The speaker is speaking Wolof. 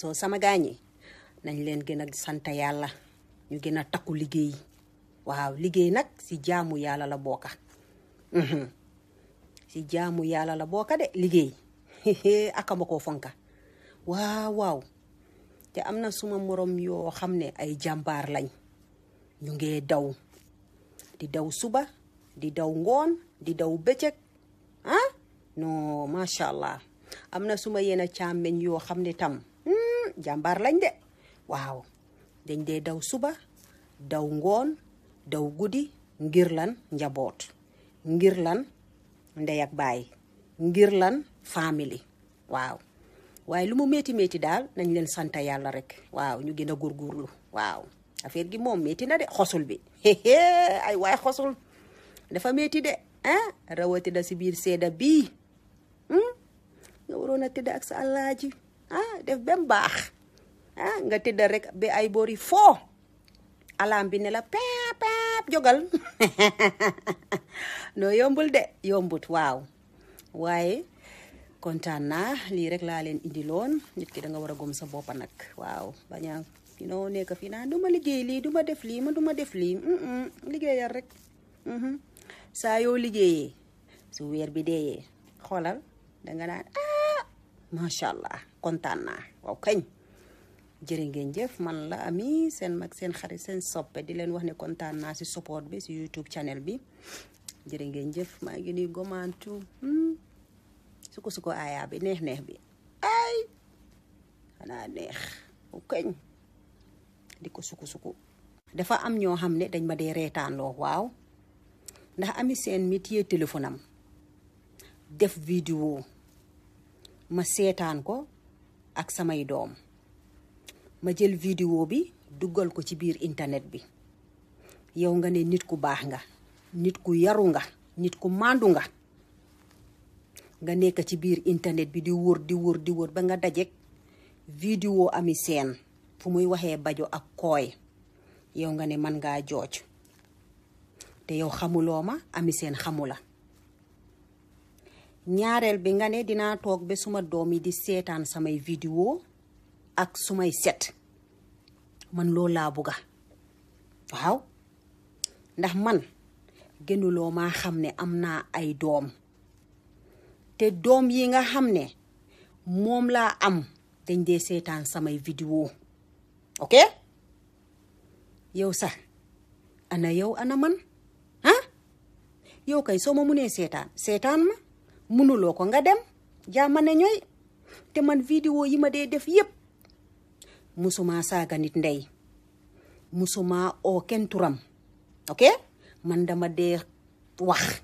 soo sama gaañi nañ leen gën a sant yàlla ñu gën a takku liggéey waaw liggéey nag si jaamu yàlla la bokka mhm. si jaamu yàlla la bokka de liggéey akama koo fonka waaw waaw te am na suma morom yoo xam ne ay jàmbaar lañ ñu ngee daw di daw suba di daw ngoon di daw bëcëg ah non macha am na suma yenn càmmeñ yoo xam ne tam jàmbaar lañ de waaw dañ dee daw suba daw ngoon daw guddi ngir lan njaboot ngir lan ndey ak baay ngir lan famille waaw waaye lu mu métti métti daal nañ leen sant yàlla rek waaw ñu gën a góorgóorlu waaw affaire gi moom métti na de xosul bi ay waay xosul dafa métti de ah rawatina si biir seeda bii hmm? nga waroon a ak sa alaaji Ah, def ba baax ah, nga tëddal rek ba ay foo alam bi ne la peep peep jógal noo yombul de yombut waaw waaye kontaan naa lii rek laa leen indiloon nit ki danga war a gom sa boppa nag waaw bañ a you know fii naa du ma liggéey lii duma def lii ma du ma def lii liggéeyal rek mm-hmm. saa yoo liggéeyee su weer bi deeyee xoolal da nga macha allah kontaan naa waaw kañ jërë ngeen jëf man la ami seen mag seen xarit seen soppe di leen wax ne kontaan naa si support bi si YouTube channel bi jërë ngeen jëf maa ngi nii gomantu hmm? suko suko bi neex neex bi ay xanaa neex waaw di ko suku suku dafa am ñoo xam ne dañ ma dee reetaanloo waaw ndax ami seen mi téye téléphone am def vidéo ma seetaan ko ak samay doom ma jël vidéo bi duggal ko ci biir internet bi yow nga ne nit ku baax nga nit ku yaru nga nit ku màndu nga nga nekk ci biir internet bi di wër di wër di wër ba nga dajek vidéo ami seen fu muy waxee bajo ak kooy yow nga ne man ngaa jooj te yow xamuloo ma ami seen xamula ñaareel bi nga ne dinaa toog ba suma doom yi di seetaan samay vidéo ak sumay set man loolu laa bugga waaw ndax man gënuloo maa xam ne am naa ay doom te doom yi nga xam ne moom laa am dañ dee seetaan samay vidéo ok yow sa ana yow ana man ah yow kay soo ma munee seetaan seetaan ma mënuloo ko nga dem jaama ne ñooy te man vidéo yi ma dee def yépp musuma saaga nit ndey musuma o kenn turam ok man dama dee wax